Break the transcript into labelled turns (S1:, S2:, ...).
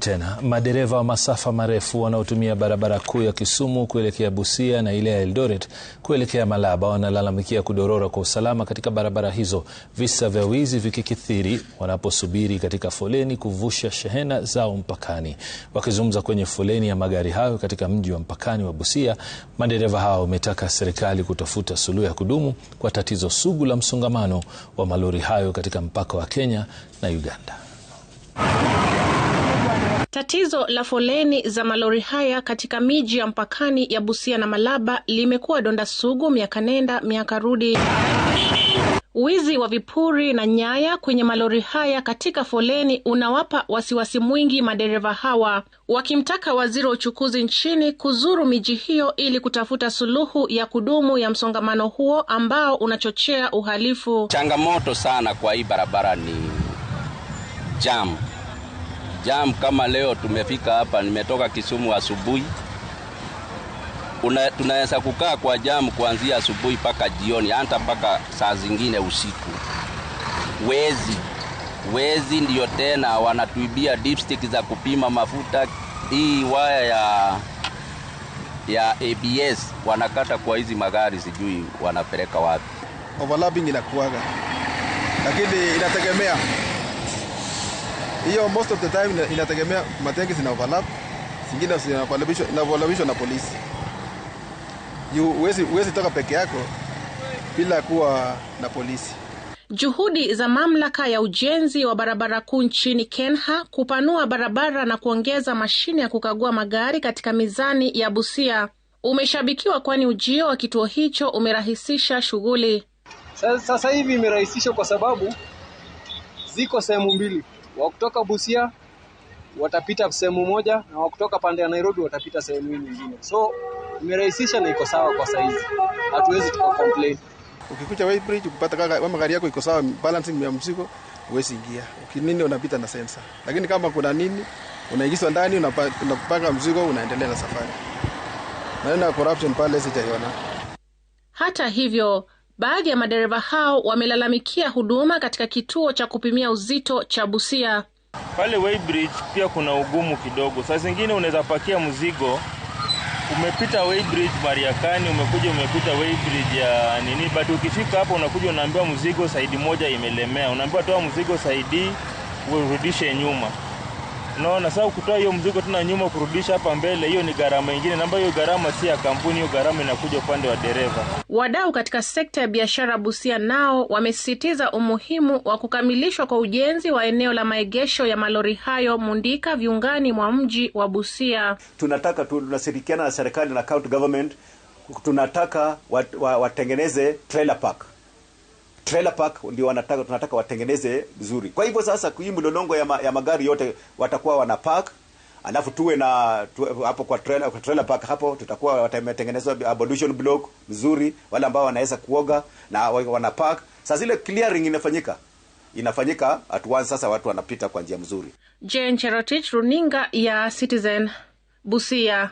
S1: Tena madereva wa masafa marefu wanaotumia barabara kuu ya Kisumu kuelekea Busia na ile ya Eldoret kuelekea Malaba wanalalamikia kudorora kwa usalama katika barabara hizo, visa vya wizi vikikithiri wanaposubiri katika foleni kuvusha shehena zao mpakani. Wakizungumza kwenye foleni ya magari hayo katika mji wa mpakani wa Busia, madereva hao wametaka serikali kutafuta suluhu ya kudumu kwa tatizo sugu la msongamano wa malori hayo katika mpaka wa Kenya na Uganda.
S2: Tatizo la foleni za malori haya katika miji ya mpakani ya Busia na Malaba limekuwa donda sugu miaka nenda miaka rudi. Wizi wa vipuri na nyaya kwenye malori haya katika foleni unawapa wasiwasi mwingi madereva hawa, wakimtaka waziri wa uchukuzi nchini kuzuru miji hiyo ili kutafuta suluhu ya kudumu ya msongamano huo ambao unachochea uhalifu.
S3: Changamoto sana kwa hii barabara ni jam jam kama leo tumefika hapa, nimetoka Kisumu asubuhi, tunaweza kukaa kwa jam kuanzia asubuhi mpaka jioni, hata mpaka saa zingine usiku. Wezi wezi ndio tena wanatuibia dipstick za kupima mafuta, hii waya ya ya ABS wanakata kwa hizi magari, sijui wanapeleka wapi.
S4: Overlapping inakuaga, lakini inategemea hiyo most of the time inategemea matangi zina overlap, zingine zinavolabishwa na polisi. Huwezi toka peke yako bila kuwa na polisi.
S2: Juhudi za mamlaka ya ujenzi wa barabara kuu nchini kenha kupanua barabara na kuongeza mashine ya kukagua magari katika mizani ya Busia umeshabikiwa, kwani ujio wa kituo hicho umerahisisha shughuli.
S5: Sasa hivi imerahisishwa kwa sababu ziko sehemu mbili wa kutoka Busia watapita sehemu moja na wa kutoka pande ya Nairobi watapita sehemu nyingine. So imerahisisha na iko sawa kwa saizi, hatuwezi tuka complain.
S6: Ukikuja Weighbridge ukipata kama gari yako iko sawa, balancing ya mzigo huwezi ingia. Ukinini unapita na sensor, lakini kama kuna nini unaingizwa ndani, unapaka mzigo, unaendelea na safari. Maneno ya corruption pale sijaiona.
S2: Hata hivyo Baadhi ya madereva hao wamelalamikia huduma katika kituo cha kupimia uzito cha Busia.
S7: Pale weighbridge pia kuna ugumu kidogo, saa zingine unaweza pakia mzigo umepita weighbridge Mariakani, umekuja umepita weighbridge ya nini, but ukifika hapo unakuja unaambiwa mzigo saidi moja imelemea, unaambiwa toa mzigo saidi urudishe nyuma. Unaona, sasa kutoa hiyo mzigo tena nyuma kurudisha hapa mbele, hiyo ni gharama ingine, na hiyo gharama si ya kampuni, hiyo gharama inakuja upande wa dereva.
S2: Wadau katika sekta ya biashara Busia nao wamesisitiza umuhimu wa kukamilishwa kwa ujenzi wa eneo la maegesho ya malori hayo Mundika, viungani mwa mji wa Busia.
S8: Tunataka tunashirikiana na serikali na county government, tunataka wat, wat, watengeneze trailer park trailer park ndio wanataka tunataka watengeneze vizuri. Kwa hivyo sasa hii mlolongo ya, ma, ya magari yote watakuwa wana park alafu tuwe na tuwe, hapo kwa trailer, kwa trailer park hapo tutakuwa watametengenezwa abolition block mzuri, wale ambao wanaweza kuoga na wana park. Sasa zile clearing inafanyika inafanyika at once, sasa watu wanapita kwa njia mzuri.
S9: Jane Cherotich, runinga ya Citizen, Busia.